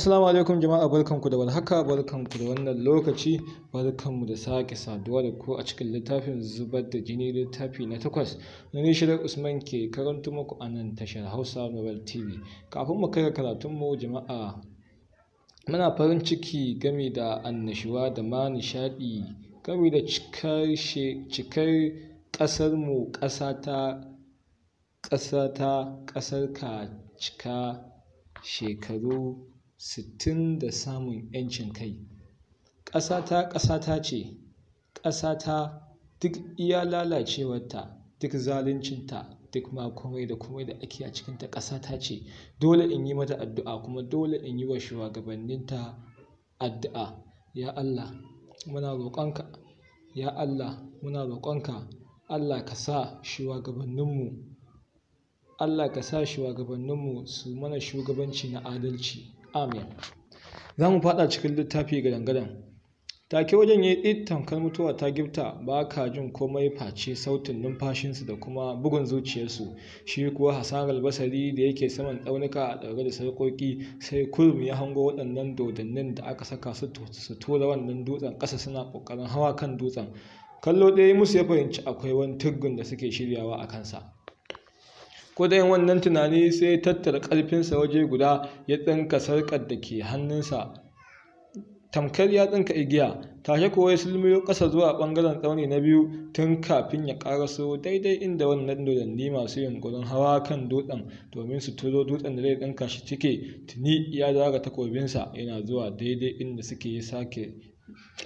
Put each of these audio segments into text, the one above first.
Assalamu alaikum jama'a barkanku da warhaka barkanku da wannan lokaci barkanmu da sake saduwa da ku a cikin littafin zubar da jini littafi na takwas na ne shirar Usman ke karanta muku a nan tashar Hausa Nobel TV kafin mu kai mu jama'a muna farin ciki game da annashuwa da ma nishaɗi game da cikar cikar ƙasarmu kasa ta ƙasar ka cika shekaru sittin da samun 'yancin kai. Ƙasata ƙasata ce, ƙasata duk iya lalacewarta, duk zaluncinta, duk ma komai da komai da ake a cikinta ƙasata ce. Dole in yi mata addu'a kuma dole in yi wa shugabanninta addu'a. Ya Allah muna roƙonka, ya Allah muna roƙonka, Allah ka sa shugabanninmu Allah ka sa shugabanninmu su mana shugabanci na adalci. amin za mu fada cikin littafi gadangadan take wajen ya yi tamkar mutuwa ta gifta ba ka jin komai face sautin numfashinsu da kuma bugun zuciyarsu shi kuwa hasarar basari da yake saman tsaunuka a ɗaure da sarƙoƙi sai kurum ya hango waɗannan dodannin da aka saka su tura wannan dutsen ƙasa suna ƙoƙarin hawa kan dutsen kallo ɗaya musu ya fahimci akwai wani tuggun da suke shiryawa a kansa ko da yin wannan tunani sai tattara ƙarfinsa waje guda ya tsinka sarƙar da ke hannunsa tamkar ya tsinka igiya tashe kuwa ya sulmiyo ƙasa zuwa ɓangaren tsauni na biyu tun kafin ya ƙaraso daidai inda wannan dodanni masu yunƙurin hawa kan dutsen domin su turo dutsen da zai tsinka shi cike tuni ya zaga takobinsa yana zuwa daidai inda suke sake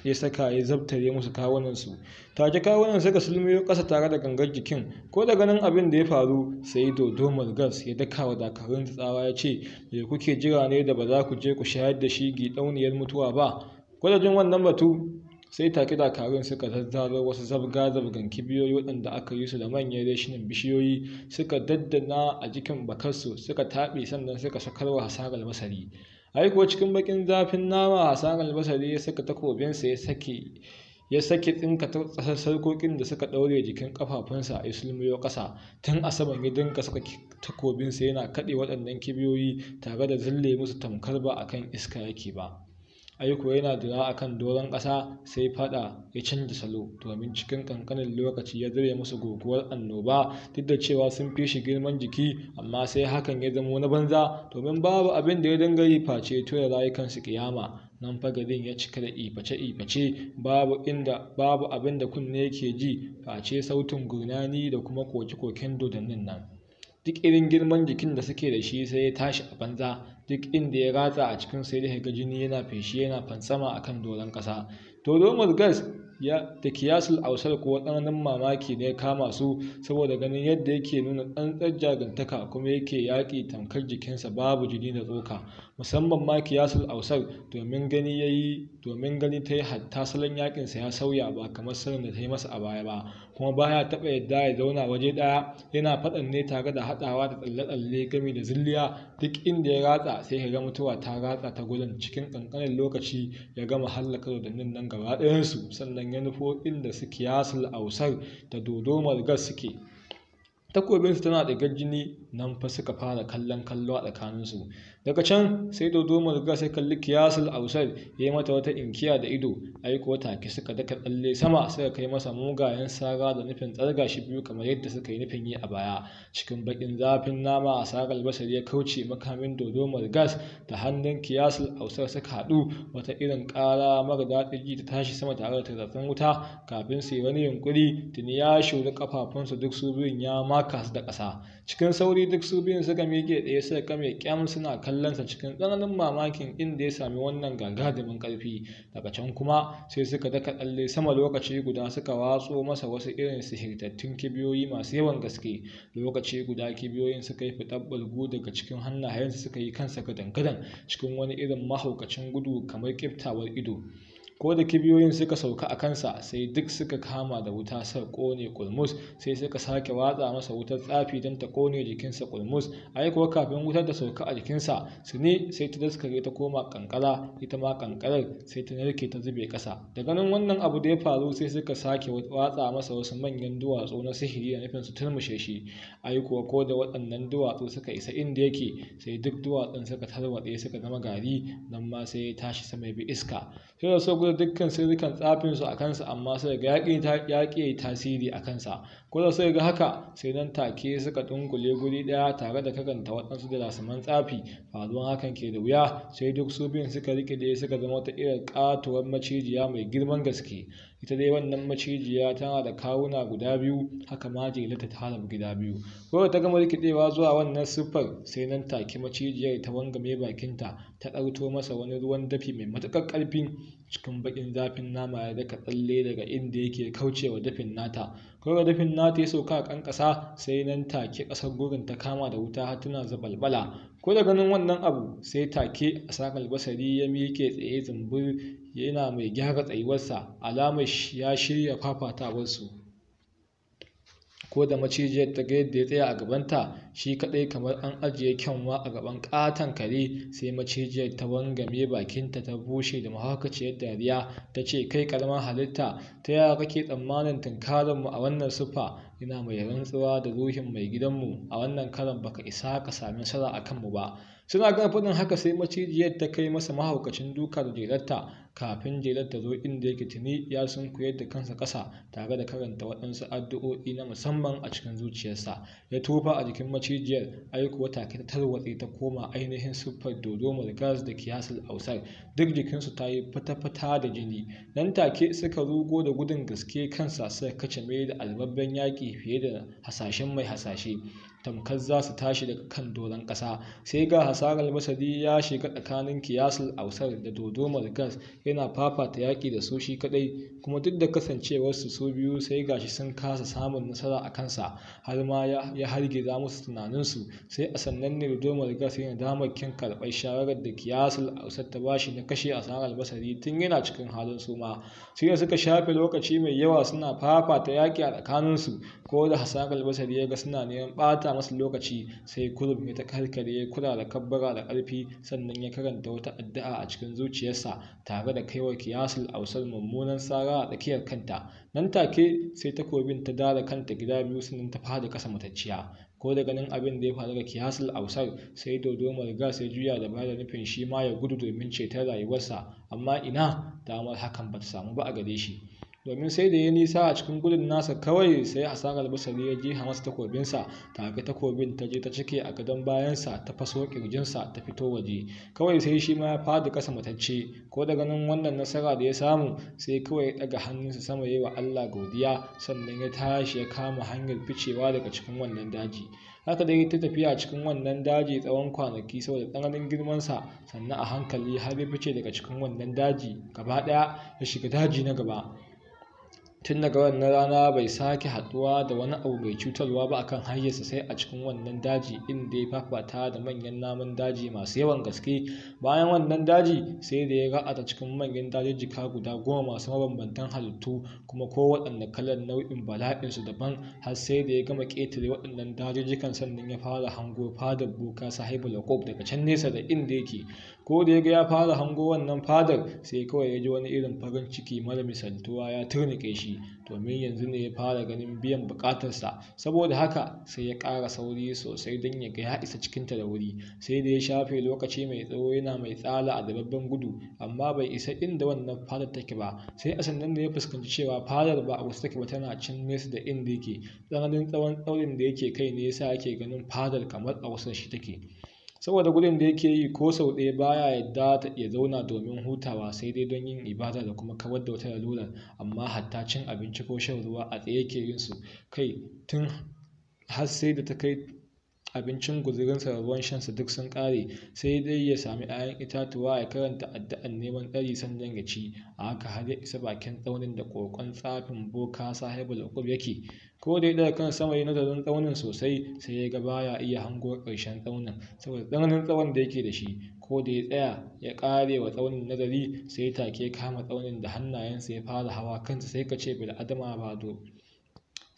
ya saka ya zabtare musu kawunansu take kawunan suka sulmiyo kasa tare da gangar jikin ko da ganin abin da ya faru sai dodo gas ya daka wa dakarun tsawa ya ce me kuke jira ne da ba za ku je ku shayar da shi gidauniyar mutuwa ba kwadajin wannan batu sai take dakarun suka zazzaro wasu zabga-zabgan kibiyoyi waɗanda aka yi su da manyan reshinan bishiyoyi suka daddana a jikin bakarsu suka taɓe sannan suka wa hasarar masari ai ko cikin bakin zafin nama a albasari basri ya saka takobinsa ya sake ya sake tsinka tsasar sarkokin da suka ɗaure jikin kafafunsa a isulmiyo ƙasa tun saman ya ka saka takobinsa yana kaɗe waɗannan kibiyoyi tare da zille musu tamkar ba akan iska yake ba aiko yana dira a kan doron ƙasa sai faɗa ya canza salo domin cikin ƙanƙanin lokaci ya zire musu guguwar annoba duk da cewa sun fi shi girman jiki amma sai hakan ya zama wani banza domin babu abin da ya dinga yi face tura rayukansu kiyama nan fagadin ya cika da iface-iface babu inda babu abin da kunne ke ji face sautin gurnani da kuma koke-koken dodannin nan duk irin girman jikin da suke da shi sai ya tashi a banza duk inda ya ratsa a cikin sai da ga jini yana feshi yana fansama akan doron kasa to gas ya da kiyasul ausar ko tsananin mamaki ne kama su saboda ganin yadda yake nuna tsantsar jagantaka kuma yake yaƙi tamkar jikinsa babu jini da tsoka musamman ma kiyasul ausar domin gani ya yi domin gani ta yi hatta salon yaƙinsa ya sauya ba kamar sanin da ta yi masa a baya ba kuma baya taɓa yadda ya zauna waje ɗaya yana faɗan ne tare da haɗawa da tsalle-tsalle gami da zilliya duk inda ya ratsa Allah sai ka ga mutuwa ta ratsa ta gudun cikin kankanin lokaci ya gama hallaka dodannin nan gaba su sannan ya nufo inda su kiyasul ausar da dodomar gas suke takobinsu tana ɗigar jini nan fa suka fara kallon kallo a tsakaninsu daga can sai dodo gas sai kalli kiyasul ausar ya yi mata wata inkiya da ido aiko wata ke suka daka tsalle sama suka kai masa mugayen sara da nufin tsarga shi biyu kamar yadda suka yi nufin yi a baya cikin bakin zafin nama a sarar basar ya kauce makamin dodo gas da hannun kiyasul ausar suka haɗu wata irin ƙara mara daɗin ji ta tashi sama tare da tarzatsin wuta kafin su yi wani yunkuri tuni ya shuri ƙafafunsa duk su biyun ya maka taka da ƙasa cikin sauri duk su biyun suka miƙe ɗaya suka kame ƙyam suna kallonsa cikin tsananin mamakin inda ya sami wannan gagadumin ƙarfi daga can kuma sai suka daka tsalle sama lokaci guda suka watso masa wasu irin sihirtattun kibiyoyi masu yawan gaske lokaci guda kibiyoyin suka yi fitar bulgu daga cikin hannayensu suka yi kansa gadan-gadan cikin wani irin mahaukacin gudu kamar ƙiftawar ido ko da kibiyoyin suka sauka a kansa sai duk suka kama da wuta sa kone kulmus sai suka sake watsa masa wutar tsafi don ta kone jikinsa kulmus ai kuwa kafin wutar da sauka a jikinsa su ne, sai ta daskare ta koma kankara ita ma kankarar sai ta narke ta zube kasa da ganin wannan abu da ya faru sai suka sake watsa masa wasu manyan duwatsu na sihiri da nufin su turmushe shi ai kuwa ko da waɗannan duwatsu suka isa inda yake sai duk duwatsun suka tarwatse suka zama gari nan ma sai ya tashi sama bi iska sai dukkan sirrikan tsafinsu a kansa amma sai ga yaƙi tasiri a kansa da sai ga haka sai nan take suka dunkule guri daya tare da karanta waɗansu da rasuman tsafi faruwan hakan ke da wuya sai duk su biyun suka da suka zama wata irin katuwar macijiya mai girman gaske ita dai wannan macijiya tana da kawuna guda biyu haka ma jelata ta haram gida biyu ko ta gama rikidewa zuwa wannan siffar sai nan take macijiyar ta wangame bakinta ta ɗarto masa wani ruwan dafi mai matuƙar ƙarfi cikin baƙin zafin nama ya daka tsalle daga inda yake kaucewa dafin nata kawai dafin nata ya sauka a ƙanƙasa ƙasa sai nan take ƙasar gurin ta kama da wuta har tana zabalbala ko da ganin wannan abu sai take a sakar basari ya miƙe tsaye zumbur yana mai gyara tsayuwarsa alamar ya shirya fafatawarsu ko da macijiyar ta ga yadda ya tsaya a gabanta shi kaɗai kamar an ajiye kyanwa a gaban katon kare sai macijiyar ta wangame bakinta ta bushe da mahaukaciyar dariya ta ce kai ƙaramin halitta ta yaya kake tsammanin tunkarinmu a wannan siffa ina mai rantsuwa da ruhin mai gidanmu a wannan karan baka isa ka sami nasara a kanmu ba suna gama faɗin haka sai macijiyar ta kai masa mahaukacin dukar jelarta kafin jelar ta zo inda yake tuni ya sun sunkuyar da kansa ƙasa tare da karanta waɗansu addu'o'i na musamman a cikin zuciyarsa ya tufa a jikin macijiyar aiko take ta tarwatse ta koma ainihin siffar dodo gas da kiyasar ausar duk jikinsu ta yi fata-fata da jini nan take suka rugo da gudun gaske kansa suka kace mai da albabben yaƙi fiye da hasashen mai hasashe tamkar za su tashi daga kan doron ƙasa sai ga hasarar masadi ya shiga tsakanin kiyasul ausar da dodomar gas yana fafata yaƙi da su shi kaɗai kuma duk da kasancewarsu su biyu sai ga shi sun kasa samun nasara a kansa har ma ya hargiza musu tunaninsu sai a sannan ne dodomar gas yana damar kin karɓar shawarar da kiyasul ausar ta bashi na kashe hasarar masadi tun yana cikin halin suma sai da suka shafe lokaci mai yawa suna fafata yaƙi a tsakaninsu ko da hasarar masadi ya ga suna neman ɓata masa lokaci sai kulub ya ta karkare ya kula da kabbara da ƙarfi sannan ya karanta wata addu'a a cikin zuciyarsa tare da kaiwa kiyasul ausar mummunan sara a tsakiyar kanta nan take sai takobin ta dara kanta gida biyu sannan ta fada kasa matacciya ko da ganin abin da ya faru ga kiyasul ausar sai dodomar gas ya juya da bada nufin shi ma ya gudu domin ceton rayuwarsa amma ina damar hakan ba ta samu ba a gare shi domin sai da ya nisa a cikin gudun nasa kawai sai a asakar basari ya ji hamas takobinsa ta take takobin ta je ta cike a gadon bayansa ta faso kirjinsa ta fito waje kawai sai shi ma ya fadi kasa matacce ko da ganin wannan nasara da ya samu sai kawai ya daga hannunsa sama ya yi wa allah godiya sannan ya tashi ya kama hanyar ficewa daga cikin wannan daji haka dai ta tafiya cikin wannan daji tsawon kwanaki saboda tsananin girmansa sannan a hankali har ya fice daga cikin wannan daji gaba ɗaya ya shiga daji na gaba tun daga wannan rana bai sake haduwa da wani abu mai cutarwa ba akan hanyarsa sai a cikin wannan daji inda ya fafata da manyan namun daji masu yawan gaske bayan wannan daji sai da ya ra'ata cikin manyan dajijjika guda goma masu mabambantan halittu kuma ko waɗanne kalar nau'in bala'insu daban har sai da ya gama ƙetare waɗannan dajijjikan sannan ya fara hango fadar boka sahibu lakob daga can nesa da inda yake ko da ya ga ya fara hango wannan fadar sai kawai ya ji wani irin farin ciki mara misaltuwa ya turnike shi shi domin yanzu ne ya fara ganin biyan bukatarsa saboda haka sai ya ƙara sauri sosai don ya ga ya isa cikinta da wuri sai da ya shafe lokaci mai tsawo yana mai tsala a dababben gudu amma bai isa inda wannan fadar take ba sai a sannan da ya fuskanci cewa fadar ba a wasu take ba tana cin nesa da inda yake tsananin tsawon tsaurin da yake kai ne yasa yake ganin fadar kamar a wasu shi take saboda gudun da yake yi ko sau ɗaya baya yadda ta iya zauna domin hutawa sai dai don yin ibada da kuma kawar da wata lalura amma hatta cin abinci ko shan ruwa a tsaye yake yin su kai tun har sai da ta kai abincin guzurinsa da ruwan shansa duk sun ƙare sai dai ya sami 'ya'yan itatuwa ya karanta addu'an neman tsari sannan ya ci a haka har ya isa bakin tsaunin da kokon tsafin boka sahibul ukub yake ko da ya kan sama ya nazarin tsaunin sosai sai ya ga baya iya hango ƙarshen tsaunin saboda tsananin tsawon da yake da shi ko da ya tsaya ya ƙare wa tsaunin nazari sai take kama tsaunin da hannayensa ya fara hawa kansa sai ka ce bil adama ba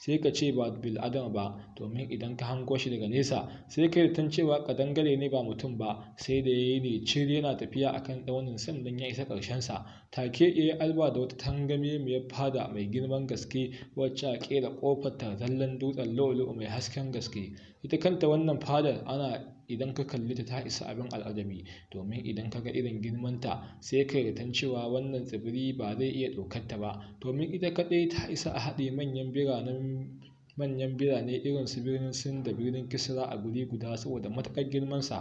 sai ka ce ba bil adam ba domin idan ka hango shi daga nesa sai ka yarda cewa dangare ne ba mutum ba sai da yayi ne cire yana tafiya akan daunin san dan ya isa karshen sa take yayi alba da wata tangame mai fada mai girman gaske wacce a kera kofar ta zallan dutsen lolu mai hasken gaske ita kanta wannan fadar ana idan ka kalli ta ta isa abin al'adami domin idan ka ga irin girmanta sai ka yarda cewa wannan tsibiri ba zai iya ɗaukar ta ba domin ita kaɗai ta isa a haɗe manyan biranen manyan birane irin su birnin Sin da birnin Kisra a guri guda saboda matuƙar girmansa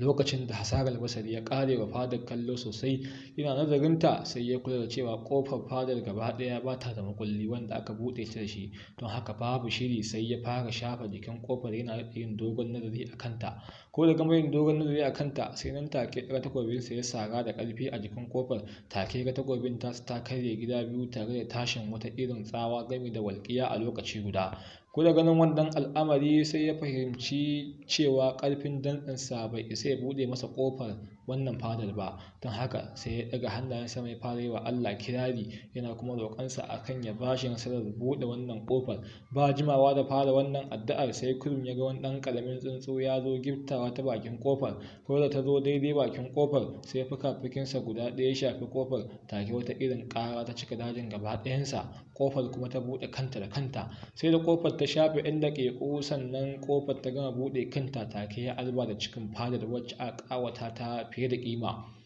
lokacin da hasarar masari ya kare wa fadar kallo sosai yana nazarin ta sai ya kula da cewa kofar fadar gaba ɗaya ba ta da makulli wanda aka buɗe ta da shi don haka babu shiri sai ya fara shafa jikin kofar yana yin dogon nazari a kanta ko da gama yin dogon nazari a kanta sai nan take takobin sai ya sara da karfi a jikin kofar take ga takobin ta ta karya gida biyu tare da tashin wata irin tsawa gami da walƙiya a lokaci guda kuda ganin wannan al'amari sai ya fahimci cewa ƙarfin dantsensa bai isa ya buɗe masa ƙofar wannan fadar ba don haka sai ya ɗaga hannayen sama ya fara yi wa Allah kirari yana kuma roƙonsa a kan ya bashi nasarar buɗe wannan ƙofar ba jimawa da fara wannan addu'ar sai kurum ya ga wani ɗan ƙaramin tsuntsu ya zo giftawa ta bakin ƙofar ko da ta zo daidai bakin ƙofar sai fuka-fukinsa guda ɗaya ya shafi ƙofar take wata irin ƙara ta cika dajin gaba ɗayansa ƙofar kuma ta buɗe kanta da kanta sai da ƙofar ta shafe inda ke sannan ƙofar ta gama buɗe kanta take ya alba da cikin fadar wacce a ƙawata ta fiye da ƙima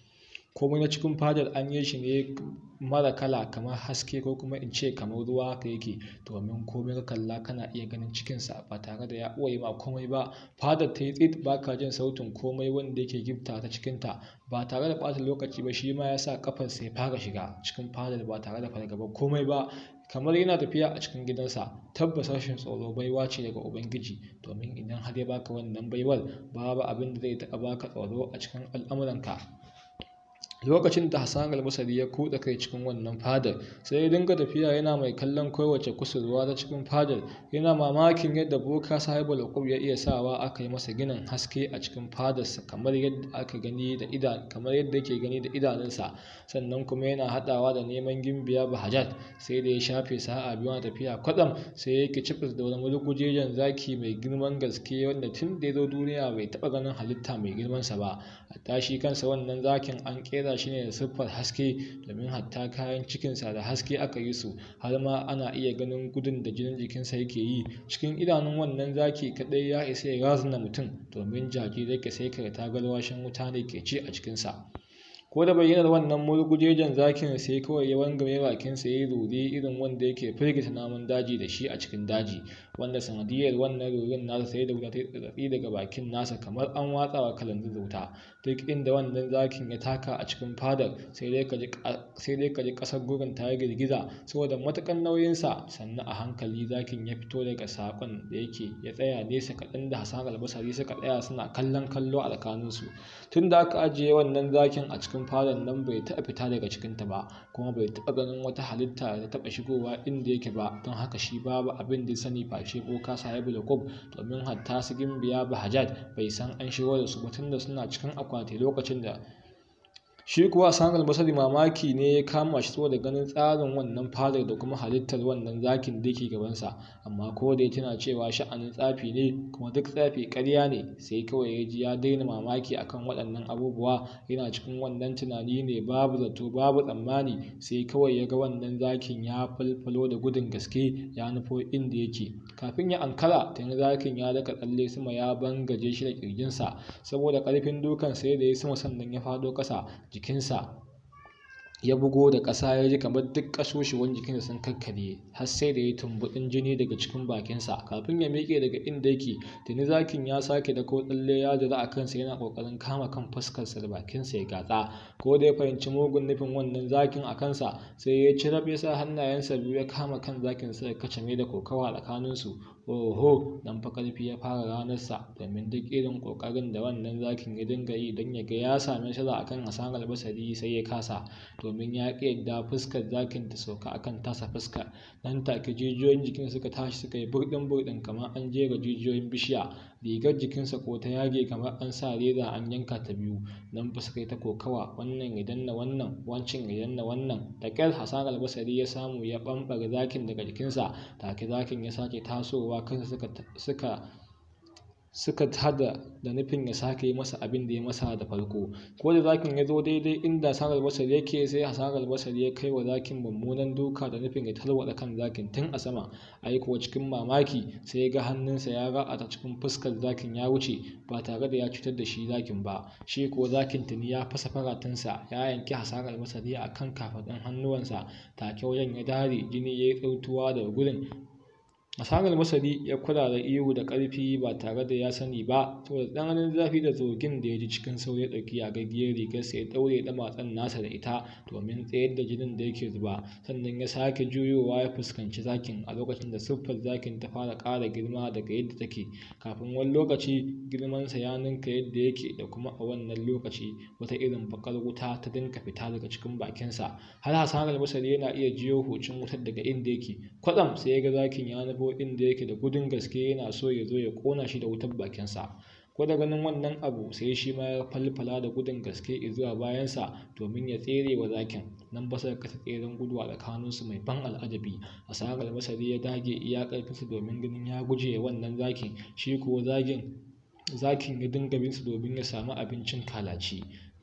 komai na cikin fadar an yi shi ne mara kala kamar haske ko kuma in ce kamar ruwa ka yake domin komai ka kalla kana iya ganin cikinsa ba tare da ya uwaye ma komai ba fadar ta yi tsit ba ka jin sautin komai wanda yake gifta ta cikinta ba tare da ɓata lokaci ba shi ma ya sa ya fara shiga cikin fadar ba tare da fargaba komai ba kamar yana tafiya a cikin gidansa tabbas rashin tsoro baiwa ce daga ubangiji domin idan har ya baka wannan baiwar babu abin da zai taɓa baka tsoro a cikin al'amuranka lokacin da hassan al ya kuɗa kai cikin wannan fadar sai ya dinga tafiya yana mai kallon kowace kusurwa ta cikin fadar yana mamakin yadda boka sahibu uqub ya iya sawa aka yi masa ginin haske a cikin fadarsa kamar yadda aka gani da idan kamar yadda yake gani da idanunsa sannan kuma yana haɗawa da neman gimbiya bahajat sai da ya shafe sa'a biyu tafiya kwaɗan sai ya kicibis da wani mulkujejen zaki mai girman gaske wanda tun da ya zo duniya bai taɓa ganin halitta mai girmansa ba a tashi kansa wannan zakin an ƙera. shi ne da siffar haske domin hatta kayan cikinsa da haske aka yi su har ma ana iya ganin gudun da jinin jikinsa yake yi cikin idanun wannan zaki kaɗai ya isa ya razana mutum domin jaki ke sai ta galwashin wuta ne ke ci a cikinsa ko da bayyanar wannan murgujejen zakin sai kawai ya wangame bakinsa ya yi ruri irin wanda yake firgita namun daji da shi a cikin daji wanda sanadiyar wannan rurin nasa sai da wuta ta daga bakin nasa kamar an watsawa kalandun wuta duk inda wannan zakin ya taka a cikin fadar sai dai ka ji ƙasar gurin ta yi girgiza saboda matuƙar nauyinsa sannan a hankali zakin ya fito daga saƙon da yake ya tsaya nesa kaɗan da hassan albasari suka tsaya suna kallon kallo a tsakaninsu tun da aka ajiye wannan zakin a cikin fadar nan bai taɓa fita daga cikinta ba kuma bai taɓa ganin wata halitta da taɓa shigowa inda yake ba don haka shi babu abin da ya sani face boka sahibu da domin hatta su gimbiya bahajad bai san an shigo da su ba da suna cikin akwai kwati lokacin da shi kuwa hasan albasari mamaki ne ya kama shi saboda ganin tsarin wannan fadar da kuma halittar wannan zakin da ke gabansa amma ko da tana cewa sha'anin tsafi ne kuma duk tsafi karya ne sai kawai ya ji ya daina mamaki akan waɗannan abubuwa yana cikin wannan tunani ne babu zato babu tsammani sai kawai ya ga wannan zakin ya falfalo da gudun gaske ya nufo inda yake kafin ya ankara tuni zakin ya daka tsalle sama ya bangaje shi da kirjinsa saboda ƙarfin dukan sai da ya sama sannan ya fado ƙasa jikinsa ya bugo da ƙasa ya ji kamar duk ƙasoshiwan jikinsa sun kakkarye har sai da ya tumbuɗin jini daga cikin bakinsa kafin ya miƙe daga inda yake tuni zakin ya sake da ko tsalle ya jira a kansa yana ƙoƙarin kama kan fuskarsa da bakinsa ya gatsa ko da ya fahimci mugun nufin wannan zakin a kansa sai ya ci rabe sa hannayensa biyu ya kama kan zakin sai ya kacame da kokawa tsakaninsu oho dan fa ya fara ranarsa domin duk irin ƙoƙarin da wannan zakin ya dinga yi don ya ga ya sami shara akan hasarar basari sai ya kasa domin ya ƙi yadda fuskar zakin ta sauka akan tasa fuskar nan take jijiyoyin jikin suka tashi suka yi burɗin burɗin kamar an jera jijiyoyin bishiya rigar jikinsa ko ta yage kamar an sa reza an yanka ta biyu nan fa suka yi ta kokawa wannan ya danna wannan wancin idan danna wannan ta ƙyar hasan albasari ya samu ya ɓamɓare zakin daga jikinsa take zakin ya sake tasowa kansa suka suka tada da nufin ya sake yi masa abin da ya masa da farko ko da zakin ya zo daidai inda hasarar basar yake sai hasarar basar ya kai wa zakin mummunan duka da nufin ya tarwada kan zakin tun a sama a kuwa cikin mamaki sai ya ga hannunsa ya ra'ata cikin fuskar zakin ya wuce ba tare da ya cutar da shi zakin ba shi kuwa zakin tuni ya fasa faratunsa ya yanki hasarar basar a kan kafaɗin hannuwansa take wajen ya dare jini ya yi tsautuwa da gurin Hassan al-Masari ya kula da ihu da karfi ba tare da ya sani ba, saboda tsananin zafi da zogin da ya ji cikin sauri ya ɗauki rigar sai ya ɗaure damatsan nasa da ita domin tsayar da jinin da yake zuba, sannan ya sake juyowa ya fuskanci zakin a lokacin da siffar zakin ta fara ƙara girma daga yadda take, kafin wani lokaci girmansa ya ninka yadda yake da kuma a wannan lokaci wata irin baƙar wuta ta dinka fita daga cikin bakinsa, har Hassan al-Masari yana iya jiyo hucin wutar daga inda yake, kwatsam sai ya ga zakin ya nufi ko inda yake da gudun gaske yana so ya zo ya kona shi da wutar bakinsa ko da ganin wannan abu sai shi ma ya falfala da gudun gaske zuwa bayansa domin ya tsere wa zakin nan ba suka kasa tseren gudu a tsakaninsu mai ban al'ajabi asarar masari ya dage iya karfinsa domin ganin ya guje wannan zakin shi kuwa zakin zakin ya dinga bin su domin ya samu abincin kalaci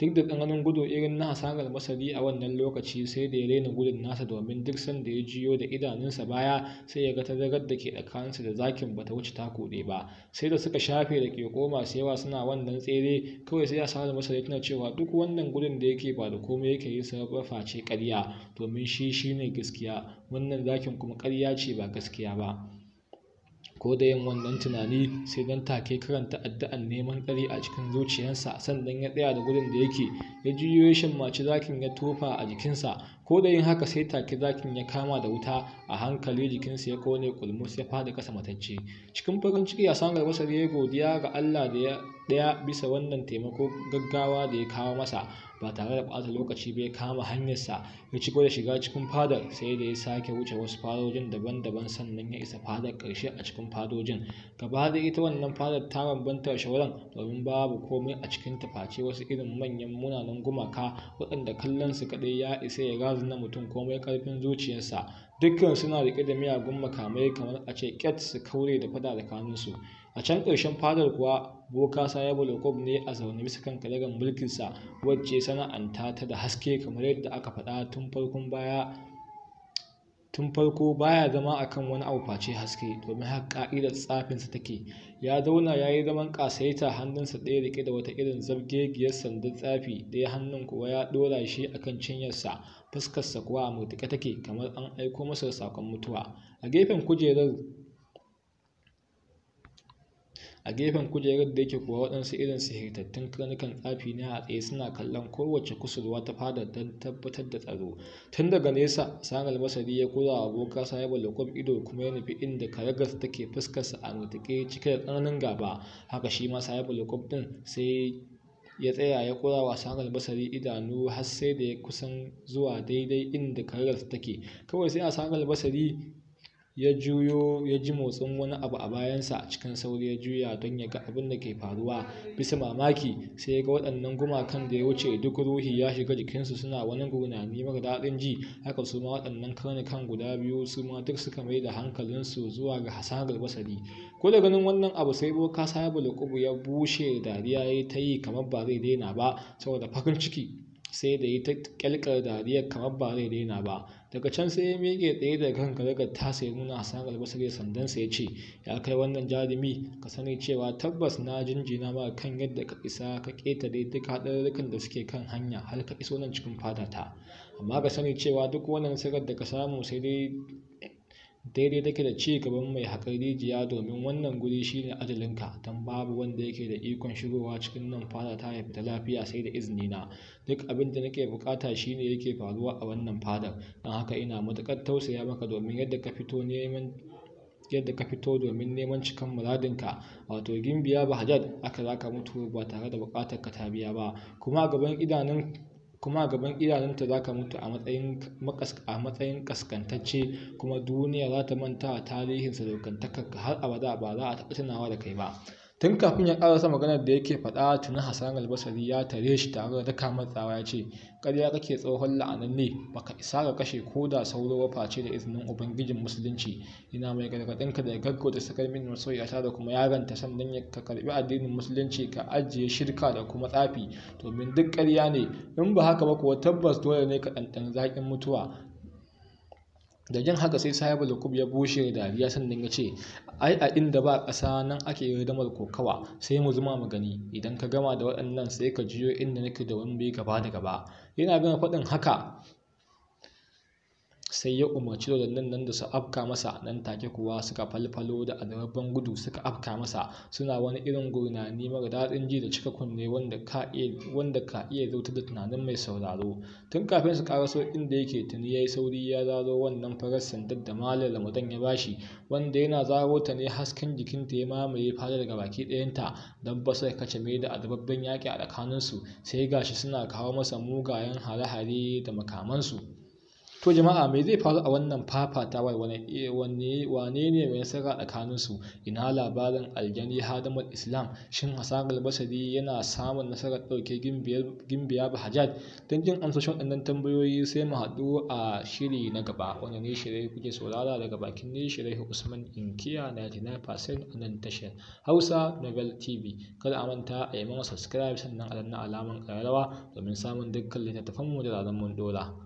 duk da tsananin gudu irin na hasarar masari a wannan lokaci sai da ya raina gudun nasa domin duk sanda ya jiyo da idanunsa baya sai ya ga ta tazarar da ke tsakaninsa da zakin ba ta wuce ta kuɗe ba sai da suka shafe da koma masu yawa suna wannan tsere kawai sai hasarar masari tana cewa duk wannan gudun da yake ba da komai yake yi sababa face ƙarya domin shi shi shine gaskiya wannan zakin kuma ƙarya ce ba gaskiya ba ko da yin wannan tunani sai don take karanta addu'an neman tsari a cikin zuciyarsa sannan ya tsaya da gudun da yake ya juyo ya shammaci zakin ya tofa a jikinsa ko da yin haka sai take zakin ya kama da wuta a hankali jikinsa ya kone kulmus ya fada kasa matacce cikin farin ciki a sangar basar ya godiya ga Allah da ya daya bisa wannan taimako gaggawa da ya kawo masa ba tare da ɓata lokaci ba ya kama hanyarsa ya ci da shiga cikin fadar sai da ya sake wuce wasu fadojin daban-daban sannan ya isa fadar karshe a cikin fadojin gaba da ita wannan fadar ta bambanta shawaran domin babu komai a cikin taface wasu irin manyan munanan gumaka waɗanda kallon su kaɗai ya isa ya gaza hankalin na mutum komai karfin zuciyarsa dukkan suna riƙe da miyagun makamai kamar a ce ƙyat su kaure da fada tsakaninsu a can ƙarshen fadar kuwa boka sayaba lokob ne a zaune bisa kan kalagan mulkinsa wacce sana'anta ta da haske kamar yadda aka faɗa tun farkon baya tun farko baya zama akan wani abu face haske domin haka ka'idar tsafinsa take ya zauna ya yi zaman kasaita hannunsa ɗaya rike da wata irin zabgegiyar sandar tsafi daya hannun kuwa ya ɗora shi akan cinyarsa fuskarsa kuwa a take kamar an aiko masa sakon mutuwa a gefen kujerar a gefen kujerar da yake kuwa waɗansu irin sihirtattun karnukan tsafi na a tsaye suna kallon kowace kusurwa ta fadar don tabbatar da tsaro tun daga nesa sanar masari ya kura sa yaba lokom ido kuma ya nufi inda karagas take fuskarsa a mutuƙe cike da tsananin gaba haka shi ma yaba lokom ɗin sai ya tsaya ya kura wa sanar masari idanu har sai da ya kusan zuwa daidai inda karagas take kawai sai a sanar masari ya juyo ya ji motsin wani abu a bayansa a cikin sauri ya juya don ya ga abin da ke faruwa bisa mamaki sai ya ga waɗannan gumakan da ya wuce duk ruhi ya shiga jikinsu suna wani gunani mara daɗin ji haka su ma waɗannan karnukan guda biyu su ma duk suka mai da hankalinsu zuwa ga hasarar basari ko da ganin wannan abu sai boka sabu da ya bushe dariya ya ta yi kamar ba zai daina ba saboda farin ciki sai da ita ta kyalkar dariyar kamar ba zai daina ba daga can sai ya mike tsaye da kan karagar tasa ya nuna san sandan sandansa ya ce ya kai wannan jarumi ka sani cewa tabbas na jinjina ma kan yadda ka isa ka keta ƙetare duk haɗarurrukan da suke kan hanya har ka iso nan cikin fadata amma ka sani cewa duk wannan nasarar da ka samu sai dai daidai take da ci gaban mai haƙar rijiya domin wannan guri shine ajalinka don babu wanda yake da ikon shigowa cikin nan fata ta haifi ta lafiya sai da izini na duk abin da nake bukata shine yake faruwa a wannan fadar don haka ina matuƙar tausaya maka domin yadda ka fito neman yadda ka fito domin neman cikan muradinka wato gimbiya bahajad aka zaka mutu ba tare da bukatar ka ta biya ba kuma a gaban idanun kuma a gaban idanunta za ka mutu a matsayin kaskantacce kuma duniya za ta manta a tarihinsa da dokantakarka har abada ba za a taɓa tunawa da kai ba tun kafin ya karasa maganar da yake faɗa tuni hassan albasari ya tare shi tare da daka matsawa ya ce ƙarya kake tsohon la'ananne baka isa ga kashe ko da sauro wa face da izinin ubangijin musulunci ina mai gargaɗin ka da gaggauta sakar min masoyata da kuma ta sannan ka karɓi addinin musulunci ka ajiye shirka da kuma tsafi domin duk ƙarya ne in ba haka ba kuwa tabbas dole ne ka ɗanɗan zaƙin mutuwa da jin haka sai sahibul lukub ya bushe da dariya sannan ya ce ai a inda ba ƙasa nan ake hidimar kokawa sai mu zuma mu gani idan ka gama da waɗannan sai ka jiyo inda nake da wani bai gaba da gaba yana gama faɗin haka sai ya umarci dodannin nan da su afka masa nan take kuwa suka falfalo da albabben gudu suka afka masa suna wani irin gurnani mara daɗin ji da cika kunne wanda ka iya zautar da tunanin mai sauraro tun kafin su karaso inda yake tuni ya yi sauri ya zaro wannan farar sandar da malar ramadan ya bashi wanda yana zaro ta ne hasken jikinta ya mamaye fada daga baki ɗayanta don ba sai kace mai da albabben yaki a tsakaninsu sai gashi suna kawo masa mugayen hare-hare da makamansu to jama'a me zai faru a wannan fafatawar wane eh, wane ne mai nasara tsakanin su ina labarin aljani hadamar islam shin hasan basari yana samun nasarar ɗauke gimbiya ba hajjad don jin amsoshin waɗannan tambayoyi sai mu haɗu a shiri na gaba wanda ne shirai kuke saurara daga bakin ne shirai usman inkiya 99% nan tashar hausa novel tv kada a manta a yi mana subscribe sannan alamun alaman ƙararrawa domin samun dukkan littattafan mu da zanen mun dora